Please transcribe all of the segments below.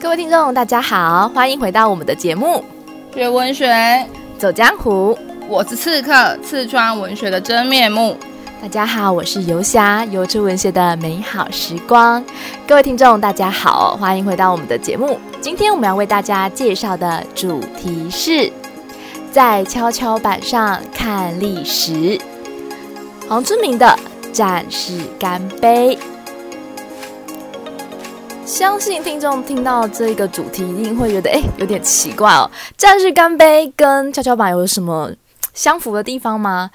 各位聽眾，大家好，歡迎回到我們的節目《學文學走江湖》。我是刺客，刺穿文學的真面目。大家好，我是遊俠，游出文學的美好時光。各位聽眾，大家好，歡迎回到我們的節目。今天我們要為大家介紹的主題是，在蹺蹺板上看歷史。黃春明的《戰士乾杯》。相信聽眾聽到這一個主題一定會覺得，誒，有點奇怪哦。戰士乾杯跟蹺蹺板有什麼相符的地方嗎？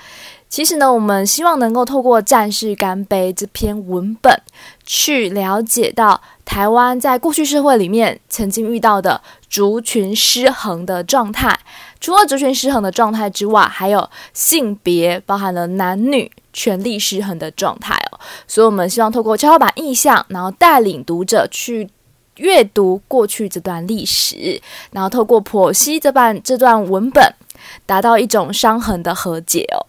其實呢，我們希望能夠透過《戰士乾杯》這篇文本，去了解到台灣在過去社會裡面曾經遇到的族群失衡的狀態。除了族群失衡的狀態之外，還有性別，包含了男女。權力失衡的狀態哦，所以我們希望透過蹺蹺板印象，然後帶領讀者去閱讀過去這段歷史，然後透過剖析這版這段文本，達到一種傷痕的和解哦。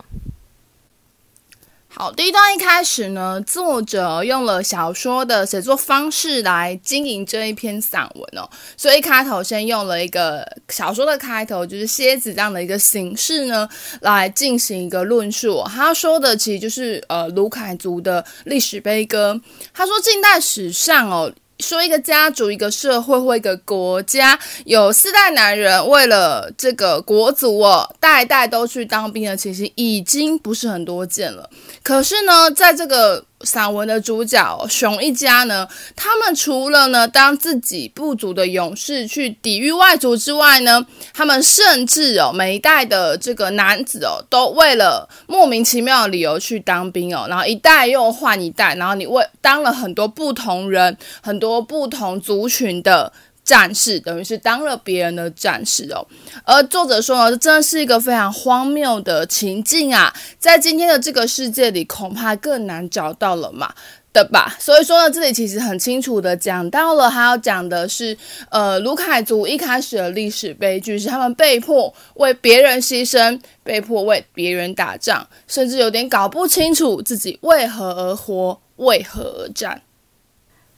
好，第一段一開始呢，作者用了小說的寫作方式來經營這一篇散文哦，所以一開頭先用了一個小說的開頭，就是楔子這樣的一個形式呢，來進行一個論述。他說的其實就是呃魯凱族的歷史悲歌。他說近代史上哦。說一個家族、一個社會或一個國家，有四代男人為了這個國族哦，代代都去當兵的，其實已經不是很多見了。可是呢，在這個……散文的主角熊一家呢，他們除了呢當自己部族的勇士去抵禦外族之外呢，他們甚至哦，每一代的這個男子哦，都為了莫名其妙的理由去當兵哦，然後一代又換一代，然後你為當了很多不同人、很多不同族群的戰士等於是當了別人的戰士哦，而作者說呢，這真的是一個非常荒謬的情境啊，在今天的這個世界裡，恐怕更難找到了嘛，對吧？所以說呢，這裡其實很清楚的講到了，他要講的是，呃，魯凱族一開始的歷史悲劇是他們被迫為別人犧牲，被迫為別人打仗，甚至有點搞不清楚自己為何而活，為何而戰。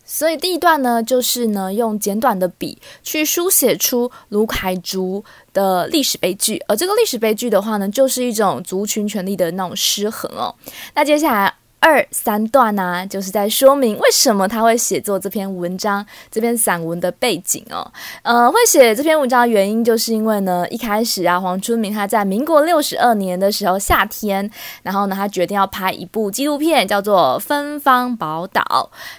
所以第一段呢，就是呢，用簡短的筆去書寫出魯凱族的歷史悲劇，而這個歷史悲劇的話呢，就是一種族群權力的那種失衡哦。那接下來。二三段呢、啊，就是在說明為什麼他會寫作這篇文章，這篇散文的背景哦。呃，會寫這篇文章的原因，就是因為呢，一開始啊，黃春明他在民國六十二年的時候夏天，然後呢，他決定要拍一部紀錄片，叫做《芬芳寶島》。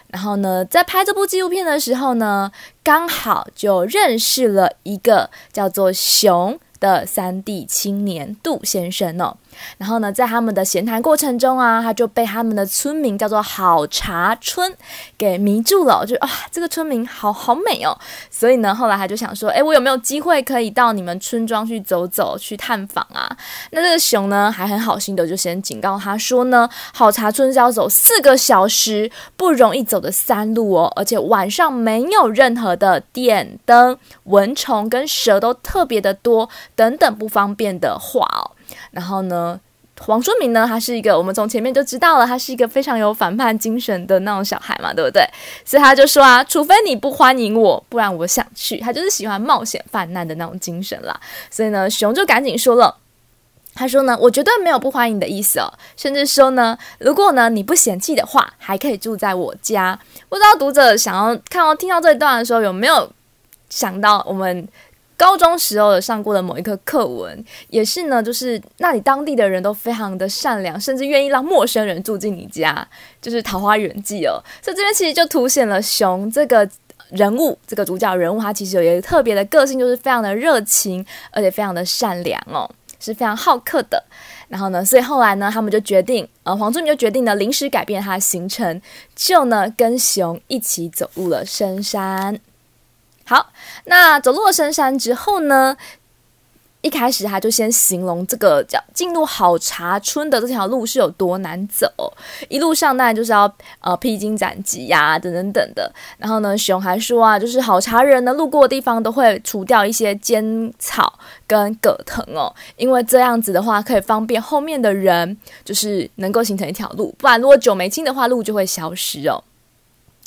然後呢，在拍這部紀錄片的時候呢，剛好就認識了一個叫做熊的山地青年杜先生哦。然後呢，在他們的閒談過程中啊，他就被他們的村名叫做“好茶村”給迷住了哦。我就啊，這個村名好好美哦！所以呢，後來他就想說：“誒，我有沒有機會可以到你們村莊去走走，去探訪啊？”那這個熊呢，還很好心的就先警告他說呢：“好茶村是要走四個小時不容易走的山路哦，而且晚上沒有任何的電燈，蚊蟲跟蛇都特別的多，等等不方便的話哦。”然後呢，黃春明呢，他是一個我們從前面就知道了，他是一個非常有反叛精神的那種小孩嘛，對不對？所以他就說啊，除非你不歡迎我，不然我想去。他就是喜歡冒險犯難的那種精神啦。所以呢，熊就趕緊說了，他說呢，我絕對沒有不歡迎的意思哦，甚至說呢，如果呢你不嫌棄的話，還可以住在我家。不知道讀者想要看到聽到這一段的時候，有沒有想到我們？高中時候上過的某一課課文，也是呢，就是那裡當地的人都非常的善良，甚至願意讓陌生人住進你家，就是《桃花源記》哦。所以這邊其實就凸顯了熊這個人物，這個主角人物他其實有一個特別的個性，就是非常的熱情，而且非常的善良哦，是非常好客的。然後呢，所以後來呢，他們就決定，呃，黃春明就決定呢，臨時改變他的行程，就呢跟熊一起走入了深山。好，那走落深山之後呢？一開始他就先形容這個叫進入好茶村的這條路是有多難走，一路上當然就是要呃披荊斬棘呀，等等等的。然後呢，熊還說啊，就是好茶人呢，路過的地方都會除掉一些尖草跟葛藤哦，因為這樣子的話可以方便後面的人，就是能夠形成一條路，不然如果久沒清的話，路就會消失哦。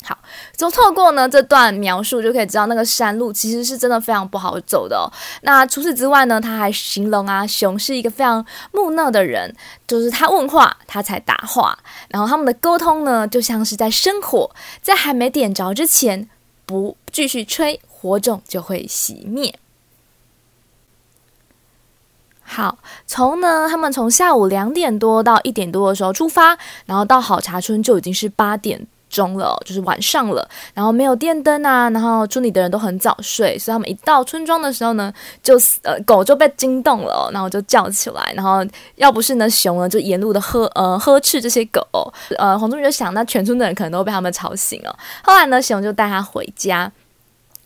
好，就透過呢這段描述就可以知道，那個山路其實是真的非常不好走的哦。那除此之外呢，他還形容啊，熊是一個非常木訥的人，就是他問話他才答話，然後他們的溝通呢就像是在生火，在還沒點着之前不繼續吹，火種就會熄滅。好，從呢他們從下午兩點多到一點多的時候出發，然後到好茶村就已經是八點。中了、哦，就是晚上了，然後沒有電燈啊，然後村裡的人都很早睡，所以他們一到村莊的時候呢，就呃狗就被驚動了、哦，然後就叫起來，然後要不是呢熊呢就沿路的呵呃呵斥這些狗、哦，呃黃春明就想那全村的人可能都被他們吵醒了、哦，後來呢熊就帶他回家，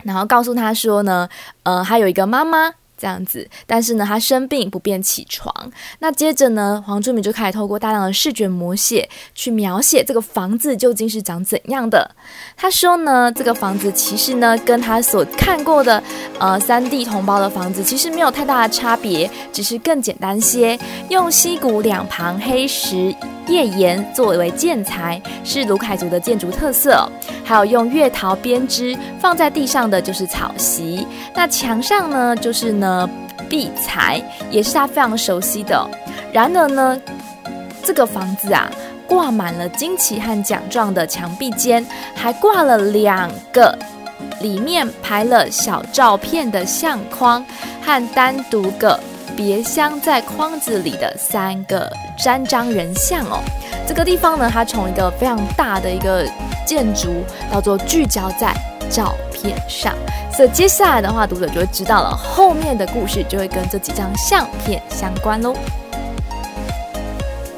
然後告訴他說呢，呃他有一個媽媽。這樣子，但是呢，他生病不便起床。那接着呢，黃春明就開始透過大量的視覺模寫去描寫這個房子究竟是長怎樣的。他說呢，這個房子其實呢，跟他所看過的呃山地同胞的房子其實沒有太大的差別，只是更簡單些，用溪谷兩旁黑石，頁岩作為建材是魯凱族的建築特色、哦，還有用月桃編織放在地上的就是草席。那牆上呢，就是呢壁材，也是他非常熟悉的、哦。然而呢，這個房子啊，掛滿了旌旗和獎狀的牆壁間，還掛了兩個裡面拍了小照片的相框和單獨個。別鑲在框子裡的三個三張人像哦，這個地方呢，它從一個非常大的一個建築，到做聚焦在照片上，所以接下來的話，讀者就會知道了，後面的故事就會跟這幾張相片相關嘍。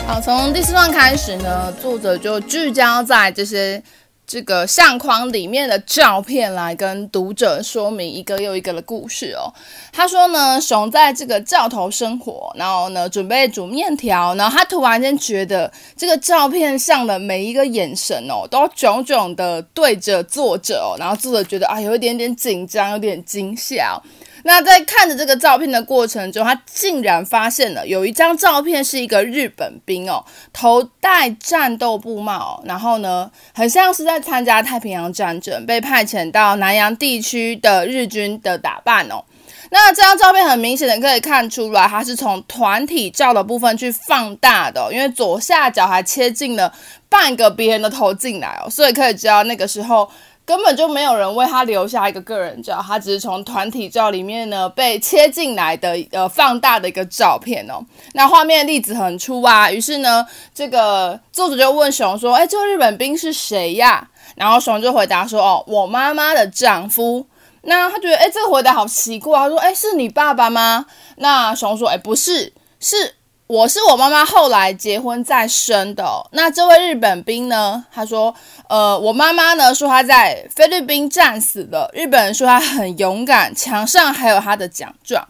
好，從第四段開始呢，作者就聚焦在這些，就是。這個相框裡面的照片，來跟讀者說明一個又一個的故事哦。他說呢，熊在這個灶頭生火，然後呢，準備煮麵條，然後他突然間覺得這個照片上的每一個眼神哦，都炯炯的對着作者哦，然後作者覺得啊，有一點點緊張，有點驚嚇。那在看着這個照片的過程中，他竟然發現了有一張照片是一個日本兵哦，頭戴戰鬥布帽，然後呢，很像是在參加太平洋戰爭被派遣到南洋地區的日軍的打扮哦。那這張照片很明顯的可以看出來，它是從團體照的部分去放大的哦，因為左下角還切進了半個別人的頭進來哦，所以可以知道那個時候，根本就沒有人為他留下一個個人照，他只是從團體照裡面呢被切進來的，呃，放大的一個照片哦。那畫面粒子很粗啊，於是呢，這個作者就問熊說：“欸，這個日本兵是誰呀？”然後熊就回答說：“哦，我媽媽的丈夫。”那他覺得：“欸，這個回答好奇怪。”他說：“欸，是你爸爸嗎？”那熊說：“欸，不是，是。”我是我媽媽後來結婚再生的哦。那這位日本兵呢？他說：“呃，我媽媽呢說他在菲律賓戰死的。日本人說他很勇敢，牆上還有他的獎狀。”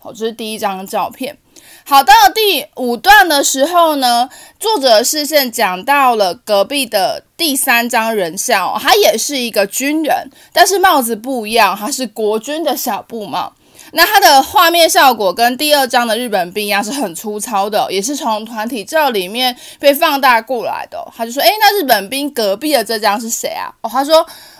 好，這是第一張照片。好，到了第五段的時候呢，作者視線講到了隔壁的第三張人像哦，他也是一個軍人，但是帽子不一樣，他是國軍的小布帽。那他的畫面效果跟第二張的日本兵一樣是很粗糙的，哦，也是從團體照裡面被放大過來的，哦。他就說：“哎、欸，那日本兵隔壁的這張是誰啊？”哦，他說：“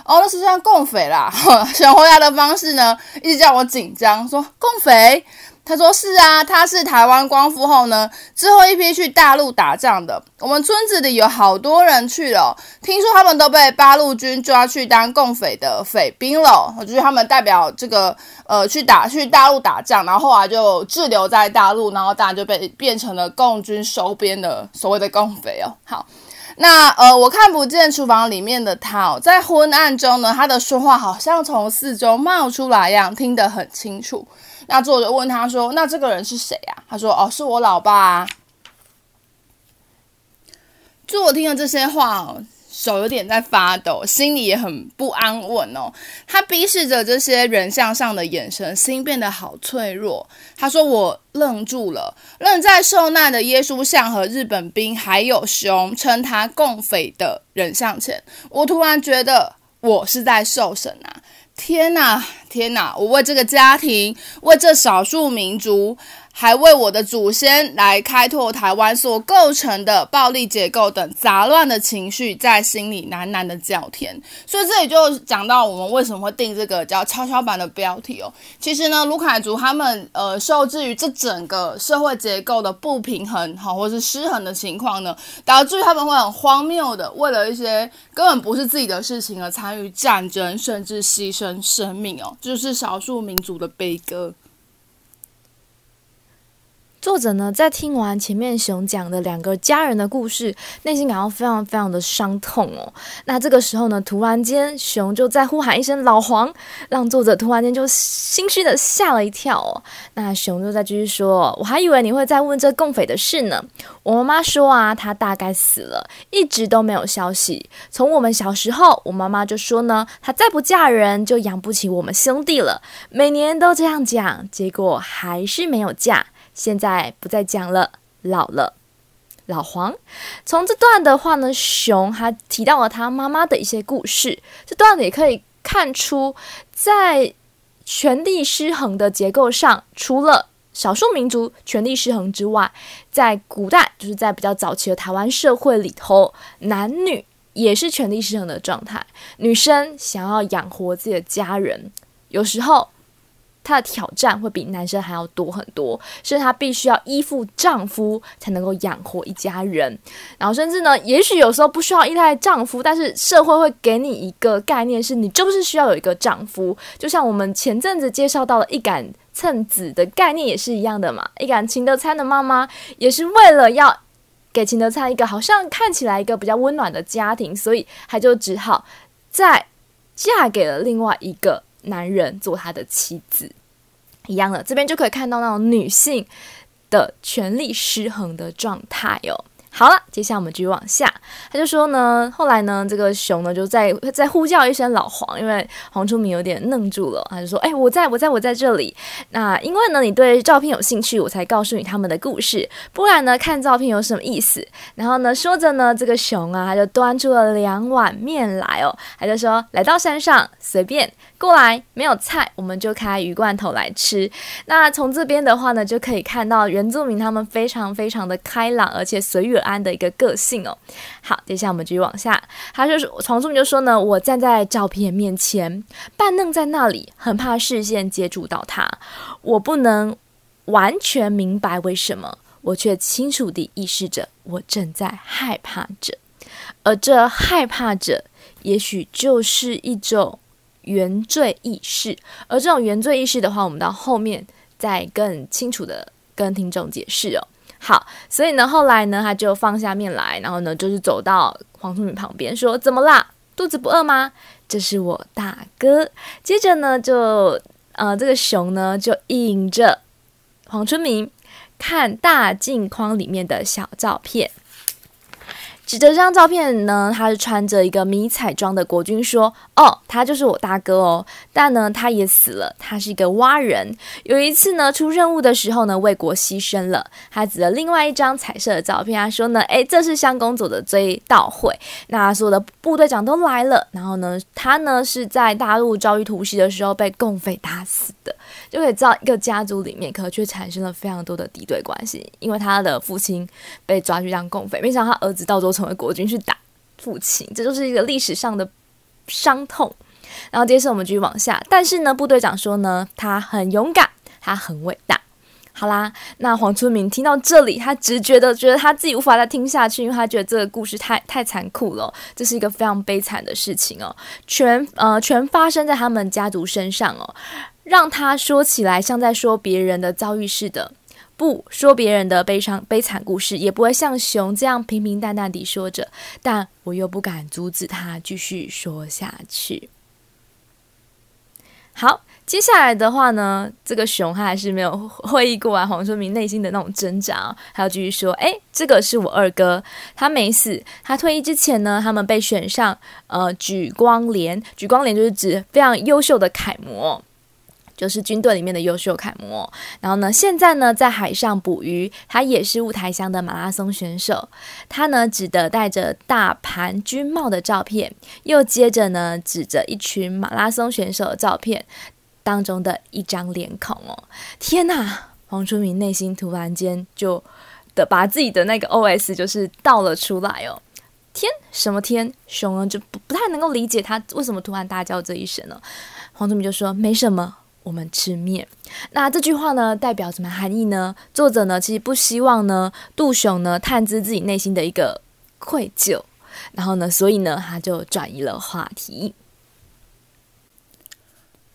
哦，那是像共匪啦。”想回答的方式呢，一直叫我緊張，說共匪。他說：“是啊，他是台灣光復後呢，之後一批去大陸打仗的。我們村子裡有好多人去了哦，聽說他們都被八路軍抓去當共匪的匪兵了哦。就是他們代表這個呃去打去大陸打仗，然後，後來就滯留在大陸，然後大家就被變成了共軍收編的所謂的共匪哦。好，那呃我看不見廚房裡面的他哦，在昏暗中呢，他的說話好像從四周冒出來一樣，聽得很清楚。”那作者問他說：“那這個人是誰呀、啊？”他說：“哦，是我老爸、啊。”作者聽了這些話，手有點在發抖，心裡也很不安穩哦。他逼視着這些人像上的眼神，心變得好脆弱。他說：“我愣住了，愣在受難的耶穌像和日本兵還有熊稱他共匪的人像前。我突然覺得，我是在受審啊。”天哪，天哪，我為這個家庭，為這少數民族。還為我的祖先來開拓台灣所構成的暴力結構等雜亂的情緒，在心裡喃喃的叫天。所以這裡就講到我們為什麼會定這個叫蹺蹺板的標題哦。其實呢，魯凱族他們呃受制於這整個社會結構的不平衡，好、哦、或是失衡的情況呢，導致他們會很荒謬的為了一些根本不是自己的事情而參與戰爭，甚至犧牲生命哦，就是少數民族的悲歌。作者呢，在聽完前面熊講的兩個家人的故事，內心感到非常非常的傷痛哦。那這個時候呢，突然間熊就在呼喊一聲“老黃”，讓作者突然間就心虛的嚇了一跳。哦，那熊就在繼續說：“我還以為你會再問這共匪的事呢。我媽媽說啊，她大概死了，一直都沒有消息。從我們小時候，我媽媽就說呢，她再不嫁人就養不起我們兄弟了，每年都這樣講，結果還是沒有嫁。”現在不再講了，老了，老黃。從這段的話呢，熊還提到了他媽媽的一些故事。這段也可以看出，在權力失衡的結構上，除了少數民族權力失衡之外，在古代，就是在比較早期的台灣社會裡頭，男女也是權力失衡的狀態。女生想要養活自己的家人，有時候。她的挑戰會比男生還要多很多，所以她必須要依附丈夫才能夠養活一家人。然後甚至呢，也許有時候不需要依賴丈夫，但是社會會給你一個概念，是你就是需要有一個丈夫。就像我們前陣子介紹到的一桿秤仔的概念也是一樣的嘛。一桿秦得參的媽媽也是為了要給秦得參一個好像看起來一個比較溫暖的家庭，所以她就只好再嫁給了另外一個。男人做他的妻子一樣的，這邊就可以看到那種女性的權力失衡的狀態哦。好了，接下來我們繼續往下。他就說呢，後來呢，這個熊呢就在在呼叫一聲老黃，因為黃春明有點愣住了，他就說：“哎、欸，我在，我在，我在這裡。”那因為呢，你對照片有興趣，我才告訴你他們的故事，不然呢，看照片有什麼意思？然後呢，說着呢，這個熊啊，他就端出了兩碗麵來哦，他就說：“來到山上，隨便。”過來，沒有菜，我們就開魚罐頭來吃。那從這邊的話呢，就可以看到原住民他們非常非常的開朗，而且隨遇而安的一個個性哦。好，接下來我們繼續往下。他就是從中就說呢：“我站在照片面前，半愣在那裡，很怕視線接觸到他。我不能完全明白為什麼，我卻清楚地意識着我正在害怕着，而這害怕着，也許就是一種。”原罪意識，而這種原罪意識的話，我們到後面再更清楚地跟聽眾解釋哦。好，所以呢，後來呢，他就放下面來，然後呢，就是走到黃春明旁邊，說：“怎麼啦？肚子不餓嗎？”這是我大哥。接着呢，就呃，這個熊呢，就引着黃春明看大鏡框裡面的小照片。指着這張照片呢，他是穿着一個迷彩裝的國軍，說：“哦，他就是我大哥哦。”但呢，他也死了，他是一個蛙人。有一次呢，出任務的時候呢，為國犧牲了。他指着另外一張彩色的照片，他說：“呢，哎，這是鄉公所的追悼會，那所有的部隊長都來了。然後呢，他呢是在大陸遭遇突襲的時候被共匪打死的。就可以知道一個家族裡面，可卻產生了非常多的敵對關係，因為他的父親被抓去當共匪，沒想到他兒子到周。”成為國軍去打父親，這就是一個歷史上的傷痛。然後接着我們繼續往下，但是呢，部隊長說呢，他很勇敢，他很偉大。好啦，那黃春明聽到這裡，他直覺的覺得他自己無法再聽下去，因為他覺得這個故事太太殘酷了哦，這是一個非常悲慘的事情哦，全呃全發生在他們家族身上哦，讓他說起來像在說別人的遭遇似的。不說別人的悲傷悲慘故事，也不會像熊這樣平平淡淡地說着，但我又不敢阻止他繼續說下去。好，接下來的話呢，這個熊他還是沒有回憶過來、啊、黃春明內心的那種掙扎，他要繼續說：誒、哎，這個是我二哥，他沒死。他退役之前呢，他們被選上呃莒光連，莒光連就是指非常優秀的楷模。就是軍隊裡面的優秀楷模，然後呢，現在呢在海上捕魚，他也是霧臺鄉的馬拉松選手。他呢只得戴着大盤軍帽的照片，又接着呢指着一群馬拉松選手的照片當中的一張臉孔，哦。天哪、啊！黃春明內心突然間就的把自己的那個 O S 就是倒了出來哦。天什麼天？熊啊，就不不太能夠理解他為什麼突然大叫這一聲了。黃春明就說沒什麼。我們吃麵，那這句話呢，代表什麼含義呢？作者呢，其實不希望呢，杜雄呢，探知自己內心的一個愧疚，然後呢，所以呢，他就轉移了話題。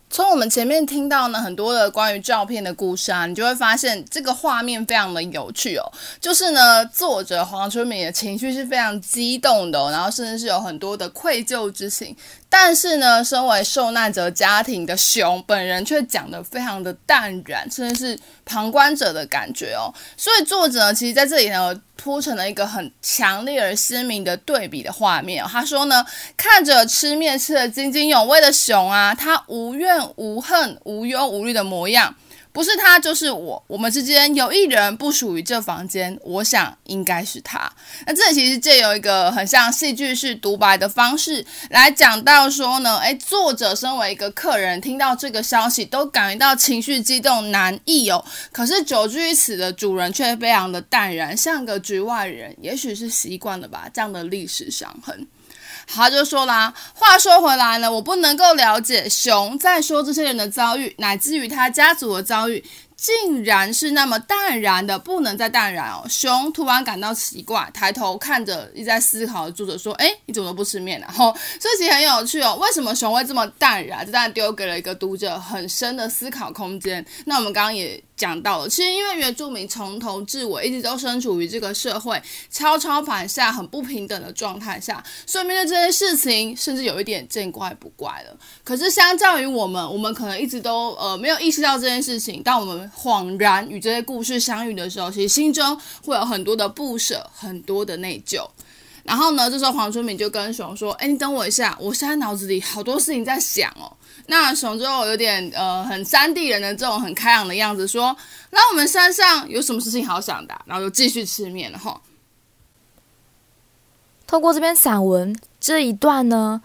從我們前面聽到呢，很多的關於照片的故事啊，你就會發現這個畫面非常的有趣哦。就是呢，作者黃春明的情緒是非常激動的哦，然後甚至是有很多的愧疚之情。但是呢，身為受難者家庭的熊本人卻講得非常的淡然，甚至是旁觀者的感覺哦。所以作者呢，其實在這裡呢，鋪成了一個很強烈而鮮明的對比的畫面哦。他說呢，看着吃麵吃的津津有味的熊啊，他無怨無恨、無憂無慮的模樣。不是他，就是我。我們之間有一人不屬於這房間，我想應該是他。那這裡其實借由一個很像戲劇式獨白的方式來講到說呢，誒，作者身為一個客人，聽到這個消息都感覺到情緒激動難抑哦。可是久居於此的主人卻非常的淡然，像個局外人，也許是習慣了吧，這樣的歷史傷痕。他就說了啊：“話說回來了，我不能夠了解熊在說這些人的遭遇，乃至於他家族的遭遇。”竟然是那麼淡然的，不能再淡然哦。熊突然感到奇怪，抬頭看着一直在思考的作者說：“哎，你怎麼都不吃麵啊？”然後這其實很有趣哦。為什麼熊會這麼淡然？這當然丟給了一個讀者很深的思考空間。那我們剛剛也講到了，其實因為原住民從頭至尾一直都身處於這個社會，蹺蹺板下很不平等的狀態下，所以面對這件事情，甚至有一點見怪不怪了。可是相較於我們，我們可能一直都呃沒有意識到這件事情，但我們。恍然與這些故事相遇的時候，其實心中會有很多的不舍，很多的內疚。然後呢，這時候黃春明就跟熊說：“哎，你等我一下，我現在腦子裡好多事情在想哦。”那熊之後有點呃很山地人的這種很開朗的樣子，說：“那我們山上有什麼事情好想的？”然後就繼續吃面了吼。透過這篇散文這一段呢。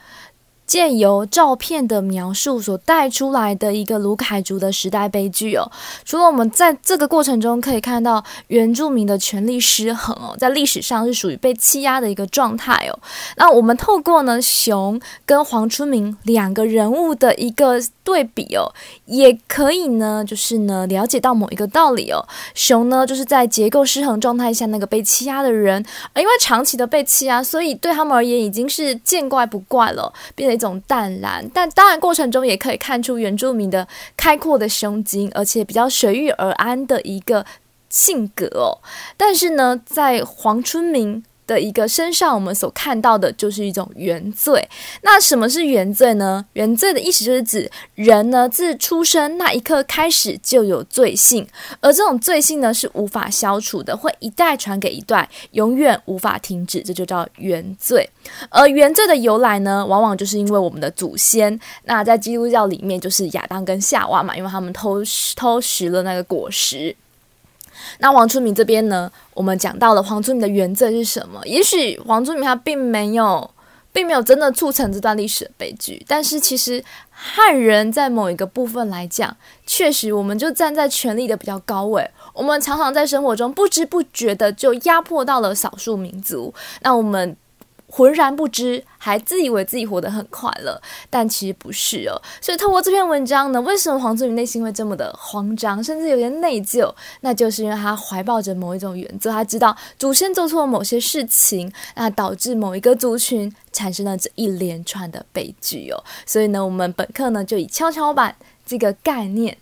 借由照片的描述所帶出來的一個魯凱族的時代悲劇哦，除了我們在這個過程中可以看到原住民的權力失衡哦，在歷史上是屬於被欺壓的一個狀態哦。那我們透過呢，熊跟黃春明兩個人物的一個對比哦，也可以呢就是呢了解到某一個道理哦。熊呢就是在結構失衡狀態下那個被欺壓的人，而因為長期的被欺壓，所以對他們而言已經是見怪不怪了，並且。一種淡然，但當然過程中也可以看出原住民的開闊的胸襟，而且比較隨遇而安的一個性格哦。但是呢，在黃春明。的一個身上，我們所看到的就是一種原罪。那什麼是原罪呢？原罪的意思就是指人呢，自出生那一刻開始就有罪性，而這種罪性呢，是無法消除的，會一代傳給一代，永遠無法停止，這就叫原罪。而原罪的由來呢，往往就是因為我們的祖先，那在基督教裡面就是亞當跟夏娃嘛，因為他們偷偷食了那個果實。那黃春明這邊呢？我們講到了黃春明的原則是什麼？也許黃春明他並沒有，並沒有真的促成這段歷史的悲劇。但是其實漢人在某一個部分來講，確實我們就站在權力的比較高位，我們常常在生活中不知不覺的就壓迫到了少數民族。那我們。渾然不知，還自以為自己活得很快樂，但其實不是哦。所以，透過這篇文章呢，為什麼黃春明內心會這麼的慌張，甚至有點內疚？那就是因為他懷抱着某一種原罪，他知道祖先做錯了某些事情，那導致某一個族群產生了這一連串的悲劇哦。所以呢，我們本課呢就以蹺蹺板這個概念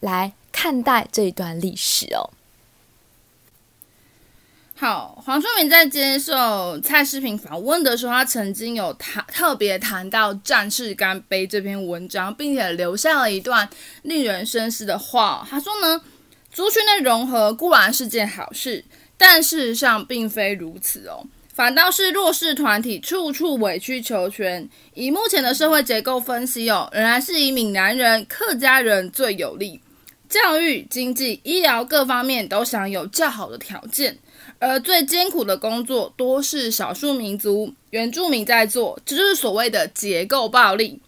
來看待這一段歷史哦。好，黃春明在接受蔡世平訪問的時候，他曾經有談特別談到《戰士乾杯》這篇文章，並且留下了一段令人深思的話。他說呢，族群的融合固然是件好事，但事實上並非如此哦，反倒是弱勢團體處處委曲求全。以目前的社會結構分析哦，仍然是以閩南人、客家人最有利，教育、經濟、醫療各方面都享有較好的條件。而最艱苦的工作，多是少數民族、原住民在做，這就是所謂的結構暴力。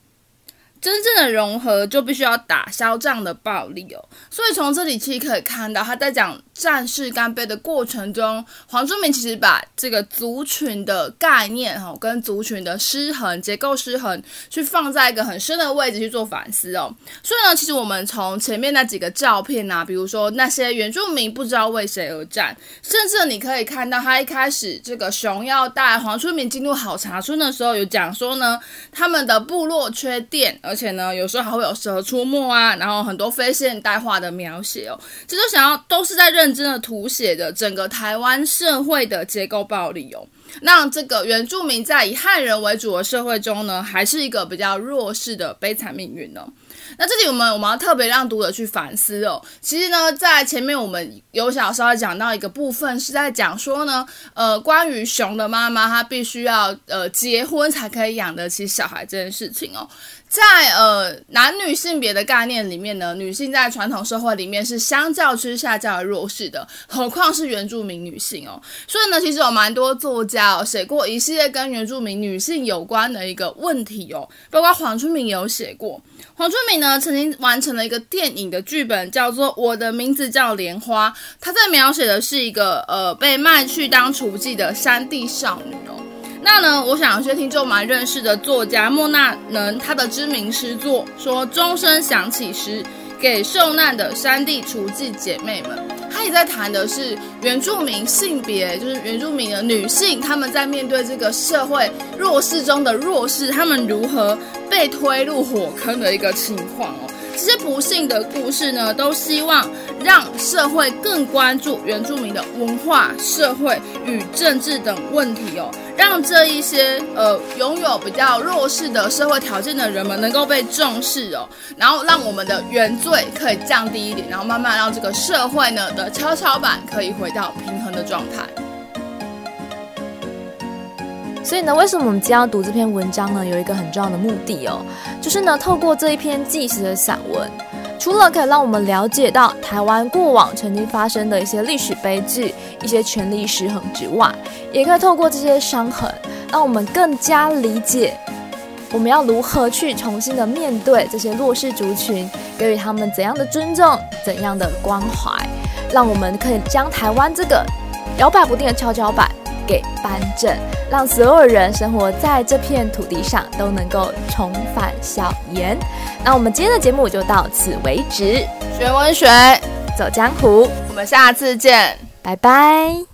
真正的融合就必須要打消這樣的暴力哦，所以從這裡其實可以看到，他在講戰士乾杯的過程中，黃春明其實把這個族群的概念哦，跟族群的失衡、結構失衡，去放在一個很深的位置去做反思哦。所以呢，其實我們從前面那幾個照片啊，比如說那些原住民不知道為誰而戰，甚至你可以看到他一開始這個熊要帶黃春明進入好茶村的時候，有講說呢，他們的部落缺電。而且呢，有時候還會有蛇出沒啊，然後很多非現代化的描寫哦，其實想要都是在認真的圖寫的整個台灣社會的結構暴力哦，讓這個原住民在以漢人為主的社會中呢，還是一個比較弱勢的悲慘命運呢、哦。那這裡我們我們要特別讓讀者去反思哦，其實呢，在前面我們有小時候要講到一個部分，是在講說呢，呃，關於熊的媽媽她必須要呃結婚才可以養得起小孩這件事情哦。在呃，男女性別的概念裡面呢，女性在傳統社會裡面是相較之下較為弱勢的，何況是原住民女性哦。所以呢，其實有蠻多作家哦，寫過一系列跟原住民女性有關的一個問題哦，包括黃春明有寫過。黃春明呢，曾經完成了一個電影的劇本，叫做《我的名字叫蓮花》，他在描寫的是一個呃被賣去當雛妓的山地少女哦。那呢，我想先聽就蠻認識的作家莫那能，他的知名詩作說《鐘聲響起時》，給受難的山地雛妓姐妹們。他也在談的是原住民性別，就是原住民的女性，他們在面對這個社會弱勢中的弱勢，他們如何被推入火坑的一個情況哦。這些不幸的故事呢，都希望讓社會更關注原住民的文化、社會與政治等問題哦，讓這一些呃擁有比較弱勢的社會條件的人們能夠被重視哦，然後讓我們的原罪可以降低一點，然後慢慢讓這個社會呢的蹺蹺板可以回到平衡的狀態。所以呢，為什麼我們今天要讀這篇文章呢？有一個很重要的目的哦，就是呢，透過這一篇紀實的散文，除了可以讓我們了解到台灣過往曾經發生的一些歷史悲劇、一些權力失衡之外，也可以透過這些傷痕，讓我們更加理解我們要如何去重新的面對這些弱勢族群，給予他們怎樣的尊重、怎樣的關懷，讓我們可以將台灣這個搖擺不定的蹺蹺板給扳正。讓所有人生活在這片土地上都能夠重返校園。那我們今天的節目就到此為止，學文學，走江湖，我們下次見，拜拜。